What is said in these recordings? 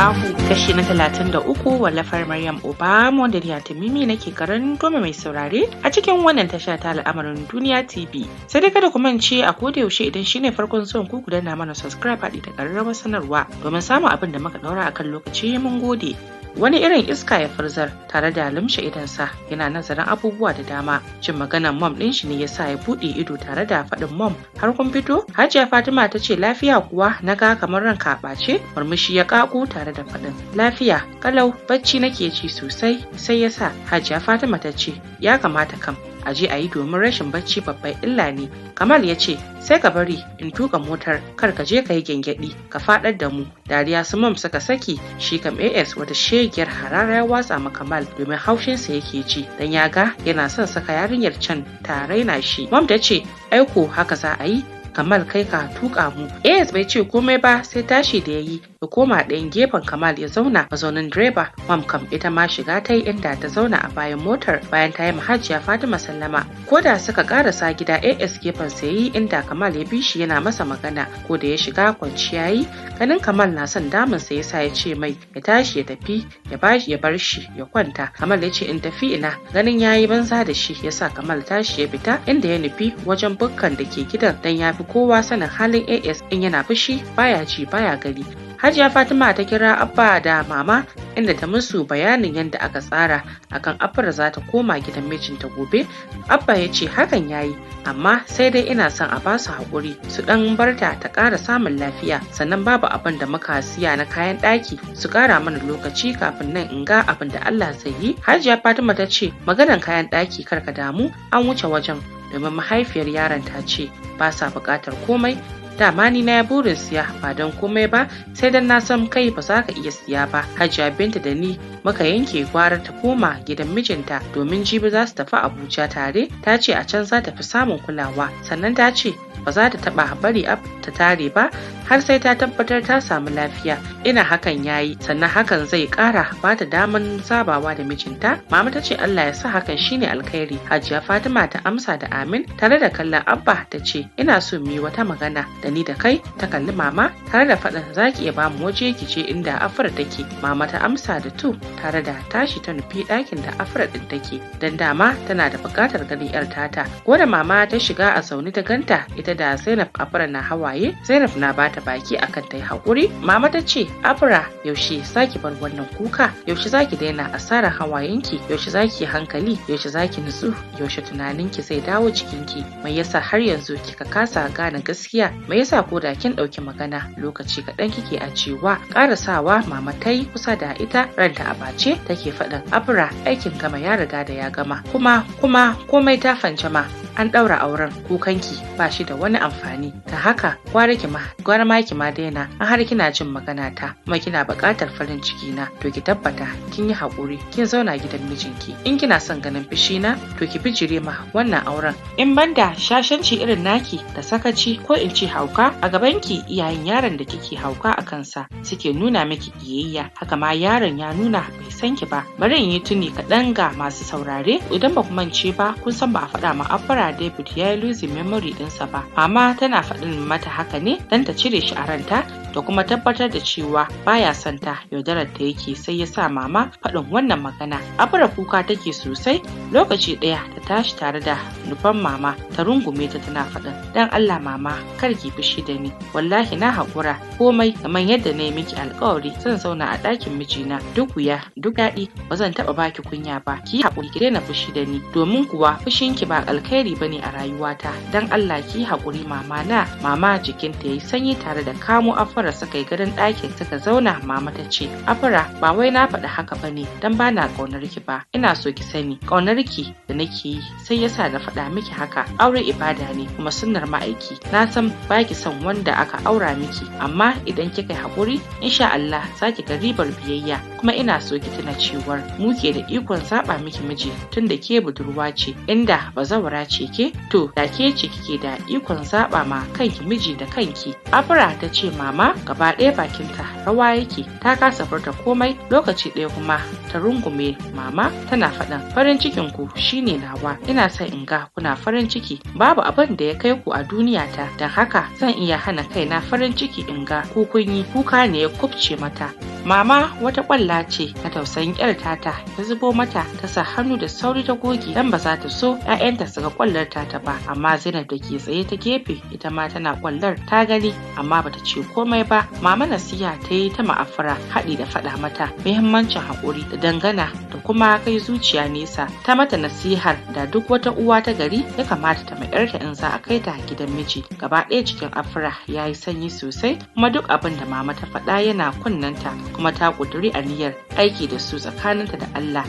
ahu kashi na 33 wallafar Maryam Obama da Riya Tamimi nake karan goma mai saurare a cikin wannan tasha ta al'amarin duniya TV. Sai dai kada ku mance a koda yaushe idan shine farkon son ku gudana mana subscribe haɗi da ƙararrawar sanarwa domin samun abin da muka ɗaura akan lokaci mun gode. wani irin iska ya farzar tare da lumshe idansa yana nazarin abubuwa da dama Cin maganan mom ɗin shi ne ya sa ya buɗe ido tare da faɗin mom har kun fito hajiya fatima ta ce lafiya kuwa na ga kamar ranka ɓace murmushi ya ƙaƙu tare da faɗin lafiya kalau bacci nake ci sosai sai ya sa hajiya fatima ta ce ya kamata kam a je a yi domin rashin bacci babban illa ne kamal ya ce sai ka bari in tuka motar kar ka je ka yi gyangyaɗi ka faɗar da mu dariya su mam suka saki shi kam as wata shegiyar harara ya watsa ma kamal domin haushinsa yake ji dan ya ga yana son saka yarinyar can ta raina shi mam ta ce aiko haka za a yi kamal kai ka tuka mu as bai ce komai ba sai tashi da ya yi ya koma ɗayan gefen Kamal ya zauna a zaunin direba. Mam kam ita ma shiga ta yi inda ta zauna a bayan motar bayan ta yi mahajiya Fatima Sallama. Ko da suka karasa gida AS gefen sa yi inda Kamal ya bi shi yana masa magana ko da ya shiga kwanciya yi ganin Kamal na son damun sa yasa ya ce mai ya tashi ya tafi ya bashi ya bar shi ya kwanta. Kamal ya ce in tafi ina ganin ya yi banza da shi yasa Kamal tashi ya fita inda ya nufi wajen bukkan da ke gidan dan ya fi kowa sanin halin AS in yana fushi baya ci baya gari Hajiya Fatima ta kira Abba da Mama inda ta musu bayanin yadda aka tsara akan Abba da za ta koma gidan mijinta gobe. Abba ya ce hakan ya yi, amma sai dai ina son a ba su haƙuri su ɗan barta ta ƙara samun lafiya sannan babu abin da muka siya na kayan ɗaki su ƙara mana lokaci kafin nan in ga abin da Allah zai yi. Hajiya Fatima ta ce maganar kayan ɗaki kar ka damu an wuce wajen domin mahaifiyar yaron ta ce ba sa buƙatar komai dama ni na burin siya ba don komai ba sai dan na san kai ba za ka iya siya ba hajiya binta da ni muka yanke gwara ta koma gidan mijinta domin jibi za su tafi abuja tare ta ce a can za ta fi samun kulawa sannan ta ce ba za ta taba bari ab ta tare ba har sai ta tabbatar ta samu lafiya ina hakan yayi sannan hakan zai kara ba ta daman sabawa da mijinta mama ta ce Allah ya sa hakan shine alkhairi hajiya Fatima ta amsa da amin tare da kallon abba ta ce ina so mu yi wata magana da ni da kai ta kalli mama tare da faɗin zaki iya bamu waje ki ce inda afar take mama ta amsa da tu tare da tashi ta nufi ɗakin da afra ɗin take don dama tana da buƙatar ganin 'yar tata ko da mama ta shiga a sauni ta ganta ita da zainab afra na hawaye zainab na bata baki akan ta yi haƙuri mama ta ce afra yaushe zaki bar wannan kuka yaushe zaki daina asarar hawayenki yaushe zaki hankali yaushe zaki nutsu yaushe tunaninki zai dawo cikinki mai yasa har yanzu kika kasa gane gaskiya mai yasa ko da kin ɗauki magana lokaci kaɗan kike a cewa ƙarasawa mama ta yi kusa da ita ranta a Fatima ce take faɗin abura aikin gama ya riga da ya gama kuma kuma komai ta fance ma an ɗaura auren Ko kanki, ba shi da wani amfani ta haka gwara ki ma gwara ma ki ma daina an har kina jin magana ta kuma kina buƙatar farin ciki na to ki tabbata kin yi haƙuri kin zauna gidan mijinki in kina son ganin fishi na to ki bijire ma wannan auren in banda shashanci irin naki da sakaci ko in ce hauka a gaban ki iyayen yaron da kike hauka a kansa suke nuna miki kiyayya haka ma yaron ya nuna bai san ki ba bari in yi tuni kaɗan ga masu saurare idan ba ku mance ba kun san ba a faɗa ma David ya yi losing memory ɗinsa ba. Mama tana faɗin mata haka ne don ta cire shi a ranta da kuma tabbatar da cewa baya son ta yaudarar ta yake sai ya sa mama faɗin wannan magana abura kuka take sosai lokaci ɗaya ta tashi tare da nufan mama ta rungume ta tana faɗin dan Allah mama kar ki fushi da ni wallahi na haƙura komai kamar yadda na yi miki alƙawari zan zauna a ɗakin mijina duk wuya duk daɗi ba zan taɓa baki kunya ba ki haƙuri ki daina fushi da ni domin kuwa fushinki ba alkhairi ba ne a rayuwata dan Allah ki haƙuri mama na mama jikinta ya yi sanyi tare da kamo afa afara suka yi garin ɗakin suka zauna mama ta ce afara ba wai na faɗi haka ba ne dan ba na ƙaunar ki ba ina so ki sani ƙaunar ki da nake yi sai yasa na faɗa miki haka aure ibada ne kuma sunnar ma'aiki na san ba ki son wanda aka aura miki amma idan kika yi haƙuri insha Allah za ki ga ribar biyayya kuma ina so ki tuna cewar mu ke da ikon zaɓa miki miji tun da ke budurwa ce inda bazawara ce ke to da ke ce kike da ikon zaɓa ma kanki miji da kanki afra ta ce mama gaba ɗaya bakinta rawa yake ta kasa furta komai lokaci ɗaya kuma ta rungume mama tana faɗan farin cikin ku shine nawa ina son in ga kuna farin ciki babu abin da ya kai ku a duniya ta don haka zan iya hana kaina farin ciki in ga ku kun yi kuka ne ya kubce mata Mama wata kwalla ce na tausayin yar tata ta zubo mata ta sa hannu da sauri ta goge dan ba za ta so 'ya'yanta su ga kwallar tata ba amma Zainab da ke tsaye ta gefe ita ma tana kwallar ta gani amma ba ta ce komai ba mama nasiha ta yi ta ma'afura haɗi da faɗa mata muhimmancin haƙuri da dangana da kuma kai zuciya nesa ta mata nasihar da duk wata uwa ta gari ya kamata ta ma'yarta in za a kai ta gidan miji gaba ɗaya cikin afura ya yi sanyi sosai kuma duk abin da mama ta faɗa yana kunnanta kuma ta ƙuduri aniyar aiki da su tsakaninta da Allah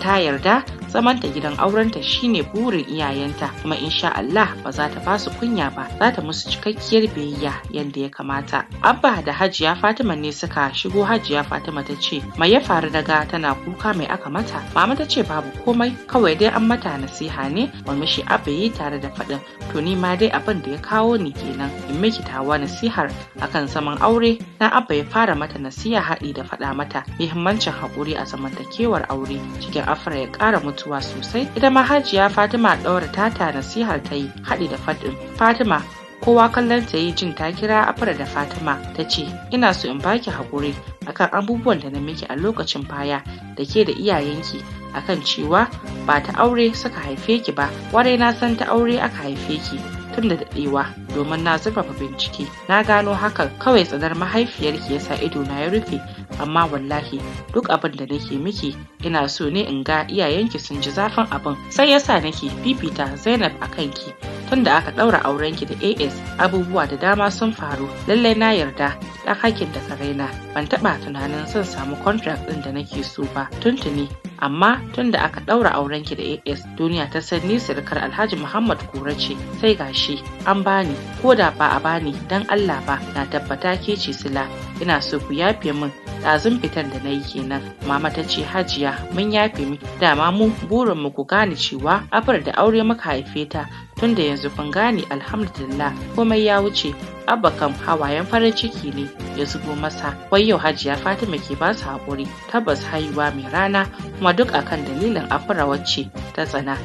ta yarda Zamanta gidan aurenta shine burin iyayenta kuma insha Allah ba za ta basu kunya ba za ta musu cikakkiyar biyayya yadda ya kamata abba da hajiya fatima ne suka shigo hajiya fatima ta ce mai ya faru daga tana kuka mai aka mata mama ta ce babu komai kawai dai an mata nasiha ne murmushi abba yi tare da faɗin to ni ma dai abin da ya kawo ni kenan in miki tawa nasihar akan zaman aure na abba ya fara mata nasiha haɗi da faɗa mata muhimmancin haƙuri a zamantakewar aure cikin afra ya ƙara mutu Wa sosai ita ma hajiya fatima ta ta nasihar ta yi haɗi da faɗin fatima kowa kallon ta yi jin ta kira fara da fatima ta ce ina so in baki haƙuri akan abubuwan da na miki a lokacin baya da ke da iyayenki akan cewa ba ta aure suka haife ki ba warai na san ta aure aka haife ki tun da daɗewa domin na zurfafa bincike na gano hakan kawai tsanar mahaifiyarki yasa ido na ya rufe amma wallahi duk abin da nake miki ina so ne in ga iyayenki sun ji zafin abin sai yasa nake fifita Zainab a kanki tunda aka ɗaura aurenki da AS abubuwa da dama sun faru lallai na yarda ɗan hakin da ka raina. ban taɓa tunanin zan samu contract ɗin da nake so ba tuntuni amma tun da aka ɗaura aurenki ki da as duniya ta san ni sirkar alhaji muhammad kura ce sai gashi an bani ko da ba a bani dan allah ba na tabbata ke ce sila ina so ku yafe min ɗazun fitar da na yi kenan mama ta ce hajiya mun yafe miki dama mu burin mu ku gane cewa afar da aure muka haife ta tunda yanzu kun gane alhamdulillah komai ya wuce abba kam hawayen farin ciki ne ya zubo masa wai yau hajiya fatima ke basu su haƙuri tabbas haihuwa mai rana kuma duk akan dalilin afura wacce ta tsana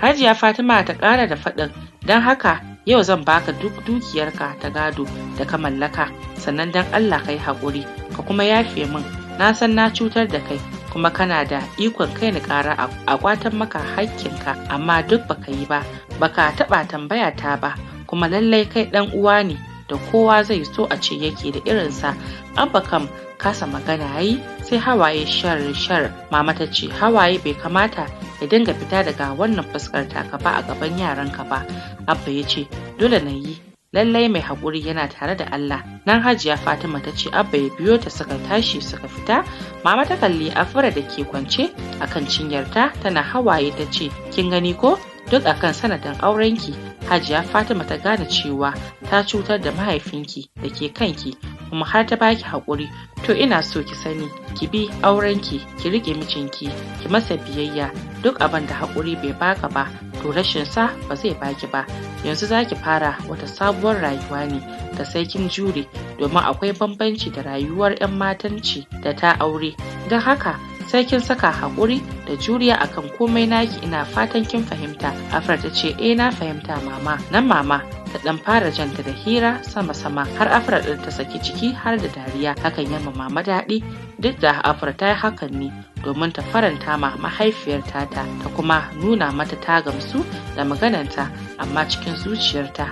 hajiya fatima ta ƙara da faɗin don haka yau zan baka duk dukiyarka ta gado da ka mallaka sannan don allah ka haƙuri ka kuma yafe min na san na cutar da kai kuma kana da ikon kai ni ƙara a kwatan maka haƙƙinka amma duk baka yi ba baka taɓa tambaya ta ba kuma lallai kai ɗan uwa ne da kowa zai so a ce yake da irinsa abba kam kasa magana yi, sai hawaye shar shar mama ta ce hawaye bai kamata ya dinga fita daga wannan fuskar taka ba a gaban yaranka ba abba ya ce dole na yi lallai mai haƙuri yana tare da Allah nan hajiya Fatima ta ce abba ya biyo ta suka tashi suka fita mama ta kalli afira da ke kwance akan cinyarta tana hawaye ta ce kin gani ko duk akan sanadin aurenki hajiya Fatima ta gane cewa ta cutar da mahaifinki da ke kanki kuma har ta baki haƙuri to ina so ki sani ki bi aurenki ki rike mijinki ki masa biyayya duk abin da haƙuri bai baka ba to rashin sa ba zai baki ba yanzu za ki fara wata sabuwar rayuwa ne da sai kin jure domin akwai bambanci da rayuwar 'yan matanci da ta aure don haka sai kin saka haƙuri da juriya akan komai naki ina fatan kin fahimta afra ta ce eh na fahimta mama nan mama ta dan fara janta da hira sama sama har afra ta saki ciki har da dariya hakan ya mama daɗi duk da afra ta yi hakan ne domin ta faranta ma mahaifiyar tata ta kuma nuna mata ta gamsu da magananta amma cikin zuciyarta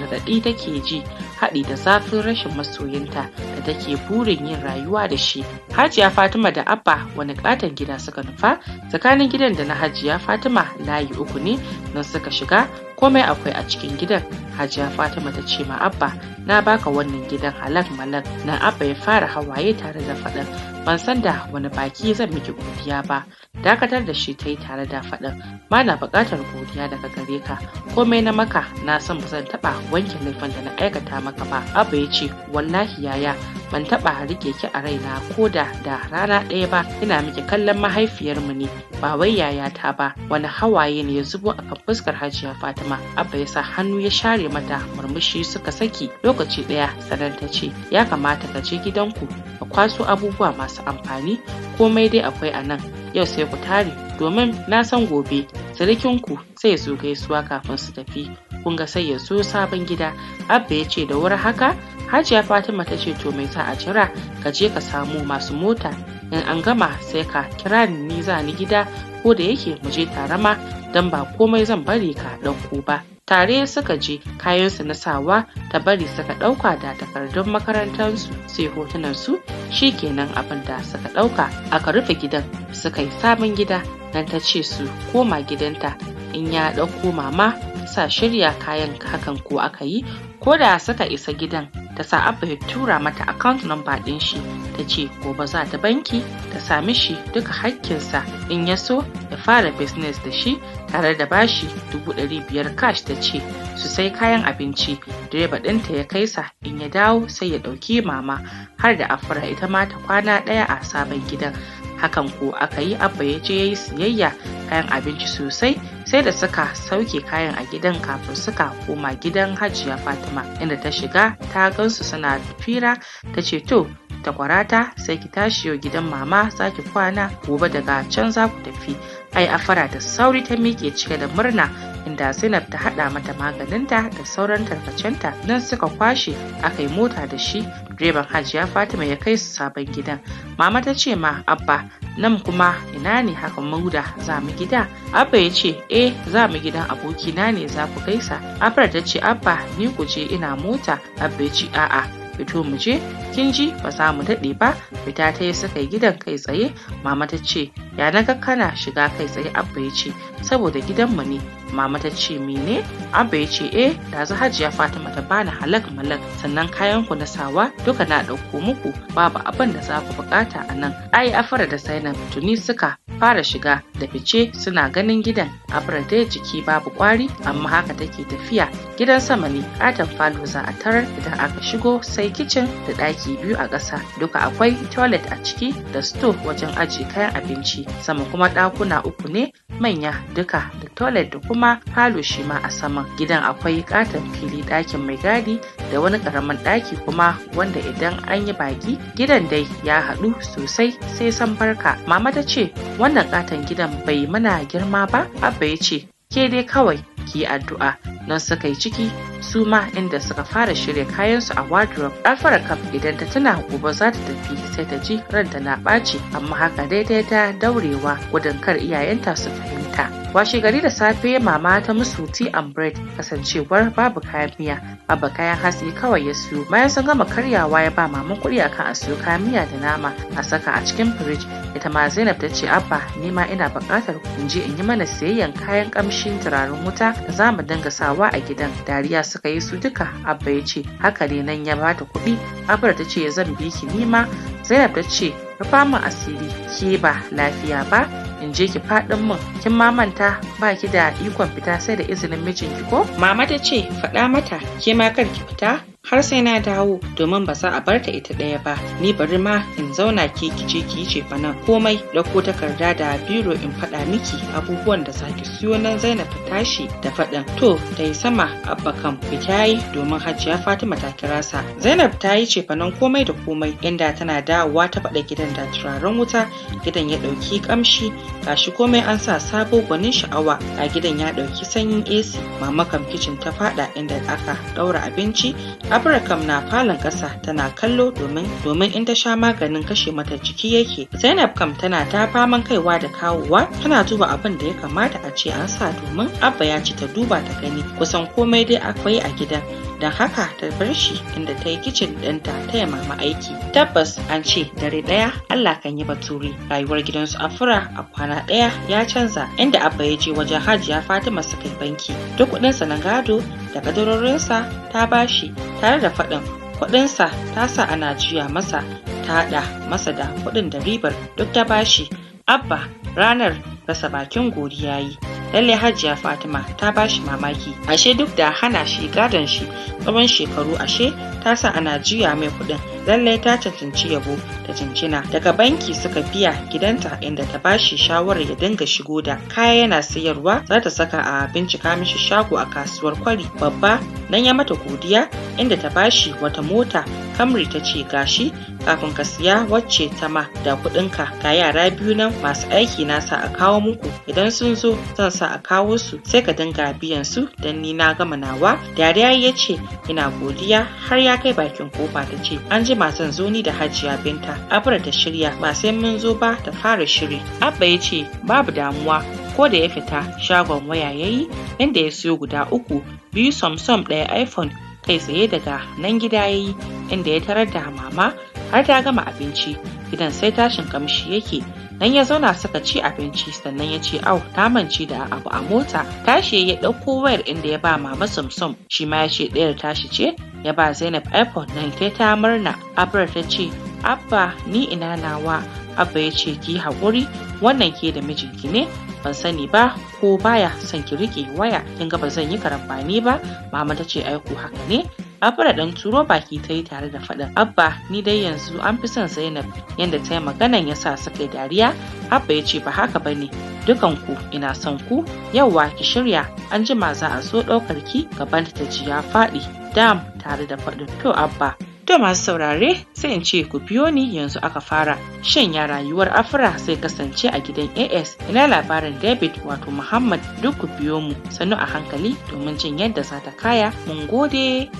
raɗaɗi take ji haɗi da zafin rashin masoyinta da take burin yin rayuwa da shi. Hajiya Fatima da Abba wani ƙaton gida suka nufa tsakanin gidan da na Hajiya Fatima layi uku ne nan suka shiga komai akwai a cikin gidan. Hajiya Fatima ta ce ma Abba na baka wannan gidan halak malak na Abba ya fara hawaye tare da faɗan. ban san da wani baki zan miki godiya ba dakatar da shi ta yi tare da faɗan. Ma na buƙatar godiya daga gare ka komai na maka na san ba zan taɓa wanke laifin da na aikata maka maka ba abu ya ce wallahi yaya ban taba rike ki a raina ko da da rana ɗaya ba ina miki kallon mahaifiyarmu ne ba wai yayata ba wani hawaye ne ya zubo akan fuskar hajiya fatima abba ya sa hannu ya share mata murmushi suka saki lokaci ɗaya sanar ta ce ya kamata ka je gidanku ka kwaso abubuwa masu amfani komai dai akwai a nan yau sai ku tare domin na san gobe sirikinku sai su gaisuwa kafin su tafi kun ga sai ya sabon gida abba ya ce da wuri haka hajiya fatima ta ce to mai sa a jira ka je ka samu masu mota in an gama sai ka kira ni za ni gida ko da yake mu je tare ma don ba komai zan bari ka ɗauko ba tare suka je kayansu na sawa ta bari suka ɗauka da takardun makarantarsu sai hotunansu shi kenan abin da suka ɗauka aka rufe gidan suka yi sabon gida nan ta ce su koma gidanta in ya ɗauko mama sa shirya kayan hakan ko aka yi ko da suka isa gidan ta sa abba ya tura mata account number ɗin shi ta ce gobe za ta banki ta sami shi duka hakkinsa in ya so ya fara business da shi tare da bashi dubu ɗari biyar cash ta ce su sai kayan abinci direba ɗinta ya kai sa in ya dawo sai ya ɗauki mama har da afura ita ma ta kwana ɗaya a sabon gidan hakan ko aka yi abba ya je ya yi siyayya kayan abinci sosai sai da suka sauke kayan a gidan kafin suka koma gidan hajiya fatima inda ta shiga ta gansu suna fira ta ce to ta kwarata sai ki tashi yau gidan mama za ki kwana gobe daga can za ku tafi ai afara da sauri ta miƙe cike da murna inda zainab ta haɗa mata maganinta da sauran tarkacenta nan suka kwashe aka yi mota da shi direban hajiya fatima ya kai su sabon gidan mama ta ce ma abba nan kuma ina ne haka mauda za mu gida abba ya ce eh za mu gidan abokina ne za ku gaisa abba ta ce abba ni ku je ina mota abba ya ce a'a fito mu je kin ji ba za mu daɗe ba fita ta yi suka yi gidan kai tsaye mama ta ce ya na kana shiga kai tsaye abba ya ce saboda mu ne mama ta ce mene abba ya ce eh yanzu hajiya fatima ta bani halak malak sannan kayan ku na sawa duka na ɗauko muku babu abin da za ku bukata a nan ai afara da sainan tuni suka fara shiga da fice suna ganin gidan a da jiki babu kwari amma haka take tafiya gidan sama ne katon falo za a tarar idan aka shigo sai kicin da ɗaki biyu a ƙasa duka akwai toilet a ciki da store wajen ajiye kayan abinci sama kuma ɗakuna uku ne manya duka da toilet da kuma falo shi ma a sama gidan akwai katon fili ɗakin mai gadi da wani ƙaramin ɗaki kuma wanda idan an yi baki gidan dai ya haɗu sosai sai san barka mama ta ce wannan katon gidan bai mana girma ba abba ya ce ke dai kawai ki yi addu'a nan suka yi ciki su ma inda suka fara shirya kayansu a wardrobe fara kaf idan ta tuna gobe za ta tafi sai ta ji ranta na ɓaci amma haka daidai ta daurewa gudun kar iyayenta su fahimta washe gari da safe mama ta musu tea and bread kasancewar babu kayan miya abba kayan hatsi kawai ya siyo bayan sun gama karyawa ya ba maman kuɗi akan a siyo kayan miya da nama a saka a cikin firij ita ma zainab ta ce abba ni ma ina buƙatar in je in yi mana siyayyan kayan kamshin turaren wuta da za mu dinga sawa a gidan dariya suka yi su duka abba ya ce haka ne nan ya bata kuɗi abba ta ce zan bi ki nima zainab ta ce Ka fama asiri ke ba lafiya ba in je ki faɗin min kin mamanta ba ki da ikon fita sai da izinin mijinki ko mama ta ce faɗa mata ke ma kar ki fita har sai na dawo domin ba za a bar ta ita ɗaya ba ni bari ma in zauna ke kice ki ce fa nan komai ko takarda da biro in faɗa miki abubuwan da za ki siyo nan Zainab tashi da faɗin to ta yi sama abba kan fita yi domin hajiya Fatima ta kira sa Zainab ta yi cefanen komai da komai inda tana dawowa ta faɗa gidan da turaren wuta gidan ya ɗauki ƙamshi gashi komai an sa sabo gwanin sha'awa a gidan ya ɗauki sanyin AC mama kan kicin ta faɗa inda aka ɗaura abinci Abraham na falon ƙasa tana kallo domin domin in ta sha maganin kashe mata jiki yake. Zainab kam tana ta faman kaiwa da kawowa tana duba abin da ya kamata a ce an sa domin Abba ya ci ta duba ta gani kusan komai dai akwai a gidan. Don haka ta bar shi inda ta yi kicin ɗinta ta yi mama aiki. Tabbas an ce dare ɗaya Allah kan yi baturi. Rayuwar gidansu Afura a kwana ɗaya ya canza inda Abba ya je wajen Hajiya Fatima suka yi banki. Duk kuɗinsa na gado da kadarorinsa ta bashi tare da faɗin kuɗinsa ta sa ana juya masa ta haɗa masa da kuɗin da ribar duk ta bashi abba ranar rasa bakin gori yayi lallai hajiya fatima ta bashi mamaki ashe duk da hana shi gadon shi tsawon shekaru ashe ta sa ana juya mai kuɗin lallai ta cancanci yabo ta cancina daga banki suka biya gidanta inda ta bashi shawarar ya dinga shigo da kaya yana sayarwa za ta saka a bincika mishi shago a kasuwar kwari babba nan ya mata godiya inda ta bashi wata mota kamri ta ce gashi kafin ka siya wacce ta ma da kuɗinka ga yara biyu nan masu aiki na sa a kawo muku idan sun zo zan sa a kawo su sai ka dinga biyan su Dan ni na gama nawa dariya ya ce ina godiya har ya kai bakin kofa ta ce an ji zan zoni da hajiya binta abra ta shirya ba sai mun zo ba ta fara shiri abba ya ce babu damuwa ko da ya fita shagon waya ya yi, inda ya siyo guda uku biyu samsung ɗaya iphone kai tsaye daga nan gida ya yi inda ya tarar da mama har ta gama abinci gidan sai tashin kamshi yake nan ya zauna suka ci abinci sannan ya ce au ta manci da abu a mota tashi ya ɗauko wayar inda ya ba mama samsam shi ma ya ce ɗayar tashi ce ya ba zainab iphone nan ta murna abra ta ce abba ni ina nawa abba ya ce ki haƙuri wannan ke da mijinki ne ban sani ba ko baya son ki rike waya kin ga ba zan yi karambani ba mama ta ce aiko haka ne da dan turo baki ta yi tare da faɗin Abba ni dai yanzu an fi son Zainab yadda ta yi maganan ya sa suka yi dariya Abba ya ce ba haka ba ne dukan ku ina son ku yauwa ki shirya an jima za a zo ɗaukar ki gaban ta ji ya faɗi dam tare da faɗin to Abba To masu saurare sai in ce ku biyo ni yanzu aka fara shanya rayuwar Afra sai kasance a gidan AS ina labarin David wato Muhammad duk ku biyo mu sannu a hankali domin jin yadda za ta kaya mun gode.